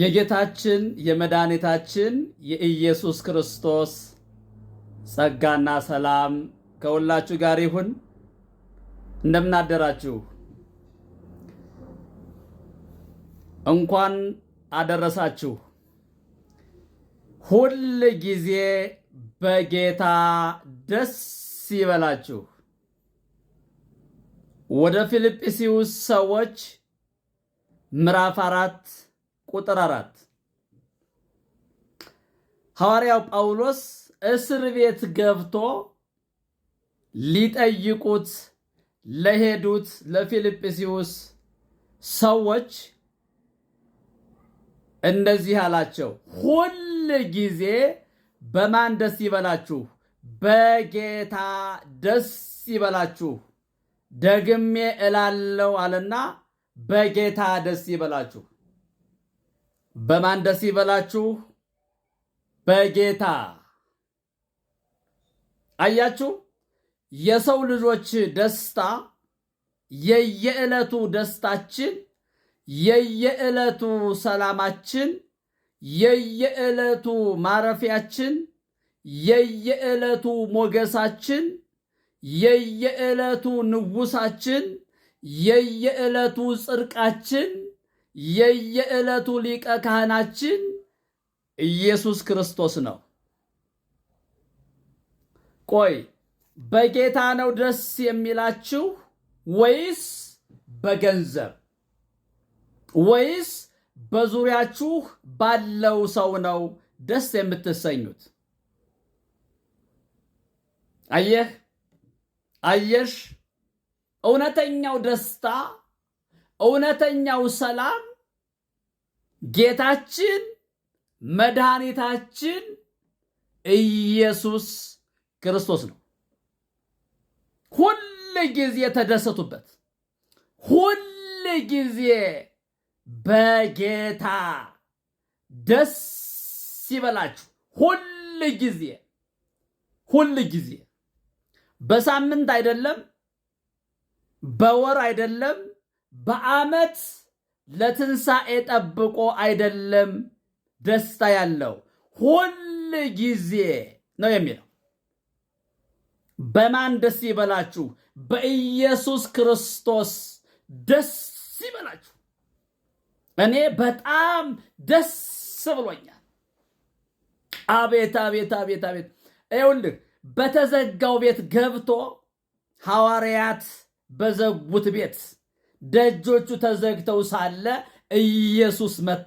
የጌታችን የመድኃኒታችን የኢየሱስ ክርስቶስ ጸጋና ሰላም ከሁላችሁ ጋር ይሁን። እንደምናደራችሁ። እንኳን አደረሳችሁ። ሁል ጊዜ በጌታ ደስ ይበላችሁ። ወደ ፊልጵስዩስ ሰዎች ምዕራፍ አራት ቁጥር አራት ሐዋርያው ጳውሎስ እስር ቤት ገብቶ ሊጠይቁት ለሄዱት ለፊልጵስዩስ ሰዎች እንደዚህ አላቸው፣ ሁል ጊዜ በማን ደስ ይበላችሁ? በጌታ ደስ ይበላችሁ። ደግሜ እላለው አለና በጌታ ደስ ይበላችሁ። በማን ደስ ይበላችሁ? በጌታ አያችሁ። የሰው ልጆች ደስታ የየዕለቱ ደስታችን፣ የየዕለቱ ሰላማችን፣ የየዕለቱ ማረፊያችን፣ የየዕለቱ ሞገሳችን፣ የየዕለቱ ንጉሳችን፣ የየዕለቱ ጽድቃችን የየዕለቱ ሊቀ ካህናችን ኢየሱስ ክርስቶስ ነው። ቆይ በጌታ ነው ደስ የሚላችሁ ወይስ በገንዘብ ወይስ በዙሪያችሁ ባለው ሰው ነው ደስ የምትሰኙት? አየህ አየሽ፣ እውነተኛው ደስታ እውነተኛው ሰላም ጌታችን መድኃኒታችን ኢየሱስ ክርስቶስ ነው። ሁል ጊዜ ተደሰቱበት። ሁል ጊዜ በጌታ ደስ ይበላችሁ። ሁል ጊዜ ሁል ጊዜ በሳምንት አይደለም፣ በወር አይደለም በዓመት ለትንሣኤ ጠብቆ አይደለም ደስታ ያለው ሁል ጊዜ ነው የሚለው። በማን ደስ ይበላችሁ? በኢየሱስ ክርስቶስ ደስ ይበላችሁ። እኔ በጣም ደስ ብሎኛል። አቤት አቤት አቤት አቤት! ይኸውልህ በተዘጋው ቤት ገብቶ ሐዋርያት በዘጉት ቤት ደጆቹ ተዘግተው ሳለ ኢየሱስ መጣ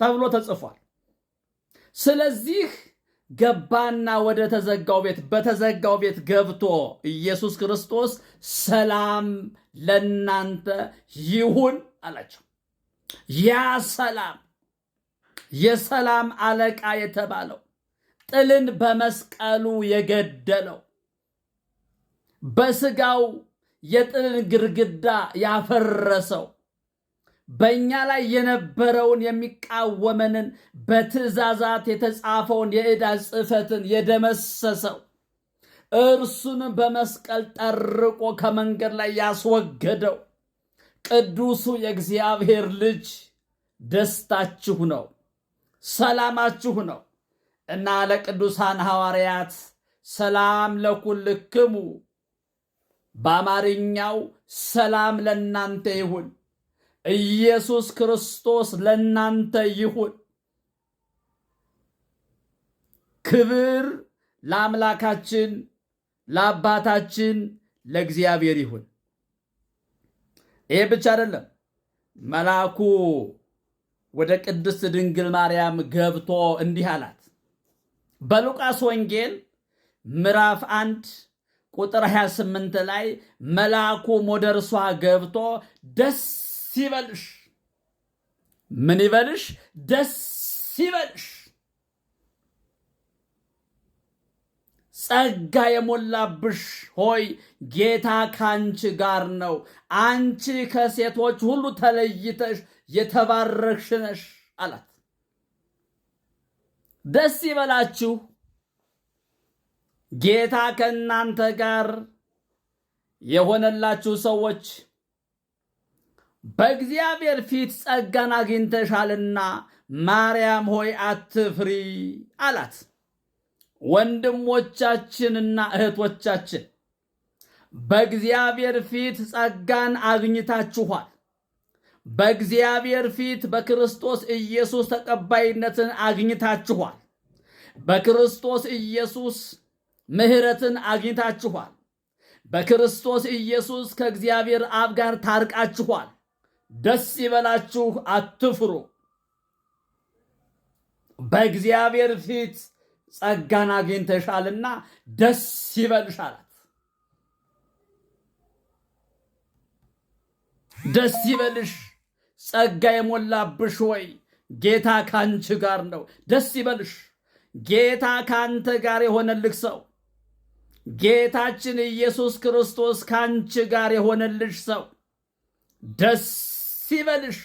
ተብሎ ተጽፏል። ስለዚህ ገባና ወደ ተዘጋው ቤት በተዘጋው ቤት ገብቶ ኢየሱስ ክርስቶስ ሰላም ለናንተ ይሁን አላቸው። ያ ሰላም የሰላም አለቃ የተባለው ጥልን በመስቀሉ የገደለው በስጋው የጥልን ግድግዳ ያፈረሰው በእኛ ላይ የነበረውን የሚቃወመንን በትእዛዛት የተጻፈውን የዕዳ ጽሕፈትን የደመሰሰው እርሱንም በመስቀል ጠርቆ ከመንገድ ላይ ያስወገደው ቅዱሱ የእግዚአብሔር ልጅ ደስታችሁ ነው፣ ሰላማችሁ ነው እና ለቅዱሳን ሐዋርያት ሰላም ለኩልክሙ በአማርኛው ሰላም ለእናንተ ይሁን፣ ኢየሱስ ክርስቶስ ለእናንተ ይሁን። ክብር ለአምላካችን ለአባታችን ለእግዚአብሔር ይሁን። ይሄ ብቻ አይደለም። መልአኩ ወደ ቅድስት ድንግል ማርያም ገብቶ እንዲህ አላት። በሉቃስ ወንጌል ምዕራፍ አንድ ቁጥር 28 ላይ መልአኩም ወደ እርሷ ገብቶ ደስ ይበልሽ፣ ምን ይበልሽ? ደስ ይበልሽ፣ ጸጋ የሞላብሽ ሆይ ጌታ ከአንቺ ጋር ነው፣ አንቺ ከሴቶች ሁሉ ተለይተሽ የተባረክሽ ነሽ አላት። ደስ ይበላችሁ ጌታ ከእናንተ ጋር የሆነላችሁ ሰዎች በእግዚአብሔር ፊት ጸጋን አግኝተሻልና ማርያም ሆይ አትፍሪ አላት። ወንድሞቻችንና እህቶቻችን በእግዚአብሔር ፊት ጸጋን አግኝታችኋል። በእግዚአብሔር ፊት በክርስቶስ ኢየሱስ ተቀባይነትን አግኝታችኋል። በክርስቶስ ኢየሱስ ምሕረትን አግኝታችኋል። በክርስቶስ ኢየሱስ ከእግዚአብሔር አብ ጋር ታርቃችኋል። ደስ ይበላችሁ፣ አትፍሩ። በእግዚአብሔር ፊት ጸጋን አግኝተሻልና ደስ ይበልሽ ደስ ይበልሽ ጸጋ የሞላብሽ ወይ ጌታ ካንቺ ጋር ነው። ደስ ይበልሽ ጌታ ካንተ ጋር የሆነልክ ሰው ጌታችን ኢየሱስ ክርስቶስ ካንቺ ጋር የሆነልሽ ሰው ደስ ይበልሽ፣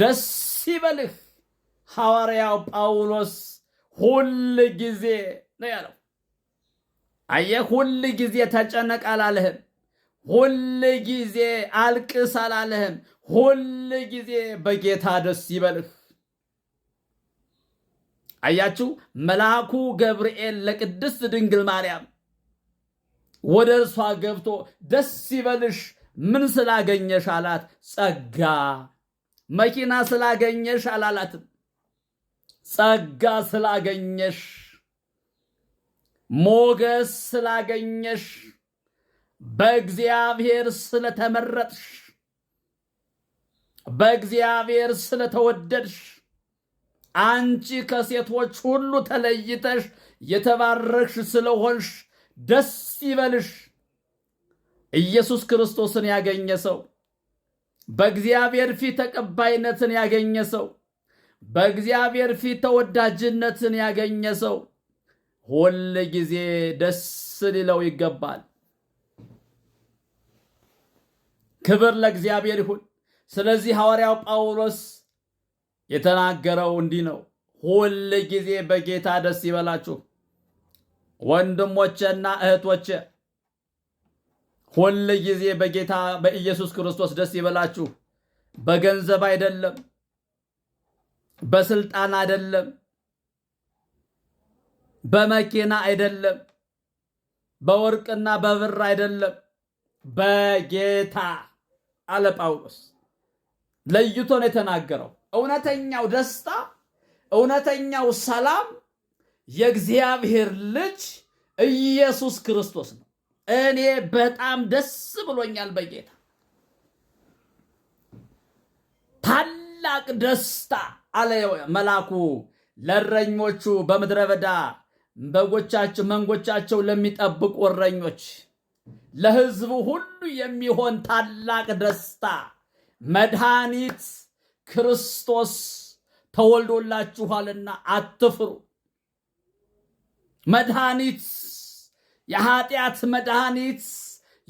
ደስ ይበልህ። ሐዋርያው ጳውሎስ ሁል ጊዜ ነው ያለው። አየህ፣ ሁል ጊዜ ተጨነቅ አላለህም፣ ሁል ጊዜ አልቅስ አላለህም። ሁል ጊዜ በጌታ ደስ ይበልህ። አያችሁ፣ መልአኩ ገብርኤል ለቅድስት ድንግል ማርያም ወደ እርሷ ገብቶ ደስ ይበልሽ ምን ስላገኘሽ አላት። ጸጋ መኪና ስላገኘሽ አላላትም። ጸጋ ስላገኘሽ፣ ሞገስ ስላገኘሽ፣ በእግዚአብሔር ስለተመረጥሽ፣ በእግዚአብሔር ስለተወደድሽ አንቺ ከሴቶች ሁሉ ተለይተሽ የተባረክሽ ስለሆንሽ ደስ ይበልሽ። ኢየሱስ ክርስቶስን ያገኘ ሰው በእግዚአብሔር ፊት ተቀባይነትን ያገኘ ሰው በእግዚአብሔር ፊት ተወዳጅነትን ያገኘ ሰው ሁል ጊዜ ደስ ሊለው ይገባል። ክብር ለእግዚአብሔር ይሁን። ስለዚህ ሐዋርያው ጳውሎስ የተናገረው እንዲህ ነው፣ ሁል ጊዜ በጌታ ደስ ይበላችሁ። ወንድሞቼና እህቶቼ ሁል ጊዜ በጌታ በኢየሱስ ክርስቶስ ደስ ይበላችሁ። በገንዘብ አይደለም፣ በስልጣን አይደለም፣ በመኪና አይደለም፣ በወርቅና በብር አይደለም፣ በጌታ አለ ጳውሎስ። ለይቶ ነው የተናገረው። እውነተኛው ደስታ፣ እውነተኛው ሰላም የእግዚአብሔር ልጅ ኢየሱስ ክርስቶስ ነው። እኔ በጣም ደስ ብሎኛል በጌታ ታላቅ ደስታ አለ መልአኩ ለእረኞቹ በምድረ በዳ በጎቻቸው መንጎቻቸው ለሚጠብቁ እረኞች ለሕዝቡ ሁሉ የሚሆን ታላቅ ደስታ መድኃኒት ክርስቶስ ተወልዶላችኋልና አትፍሩ። መድኃኒት፣ የኃጢአት መድኃኒት፣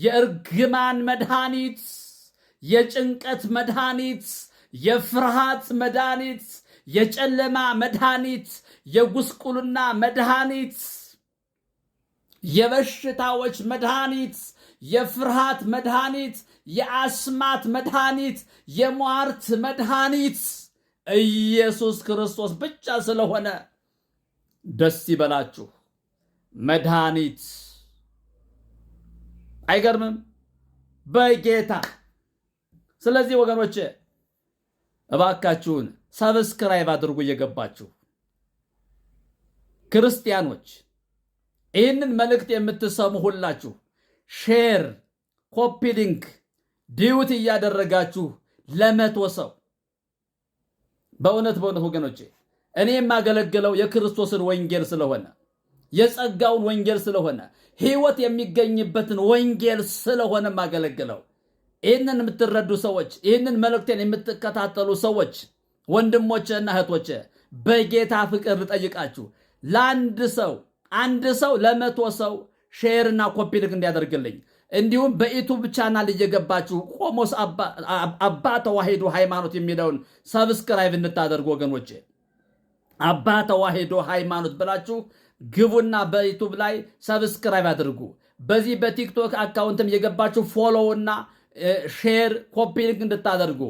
የእርግማን መድኃኒት፣ የጭንቀት መድኃኒት፣ የፍርሃት መድኃኒት፣ የጨለማ መድኃኒት፣ የጉስቁልና መድኃኒት፣ የበሽታዎች መድኃኒት፣ የፍርሃት መድኃኒት፣ የአስማት መድኃኒት፣ የሟርት መድኃኒት ኢየሱስ ክርስቶስ ብቻ ስለሆነ ደስ ይበላችሁ። መድኃኒት። አይገርምም? በጌታ ስለዚህ ወገኖች እባካችሁን ሰብስክራይብ አድርጉ እየገባችሁ ክርስቲያኖች ይህንን መልእክት የምትሰሙ ሁላችሁ ሼር፣ ኮፒ ሊንክ፣ ዲዩት እያደረጋችሁ ለመቶ ሰው በእውነት በእውነት ወገኖች እኔ የማገለግለው የክርስቶስን ወንጌል ስለሆነ የጸጋውን ወንጌል ስለሆነ ህይወት የሚገኝበትን ወንጌል ስለሆነ ማገለግለው። ይህንን የምትረዱ ሰዎች፣ ይህንን መልእክቴን የምትከታተሉ ሰዎች ወንድሞችና እህቶች በጌታ ፍቅር ልጠይቃችሁ ለአንድ ሰው አንድ ሰው ለመቶ ሰው ሼርና ኮፒ ልክ እንዲያደርግልኝ እንዲሁም በዩቱብ ቻናል እየገባችሁ ቆሞስ አባ ተዋሂዶ ሃይማኖት የሚለውን ሰብስክራይብ እንታደርጉ ወገኖቼ። አባ ተዋሂዶ ሃይማኖት ብላችሁ ግቡና በዩቱብ ላይ ሰብስክራይብ አድርጉ። በዚህ በቲክቶክ አካውንትም የገባችሁ ፎሎውና ሼር ኮፒ ሊንክ እንድታደርጉ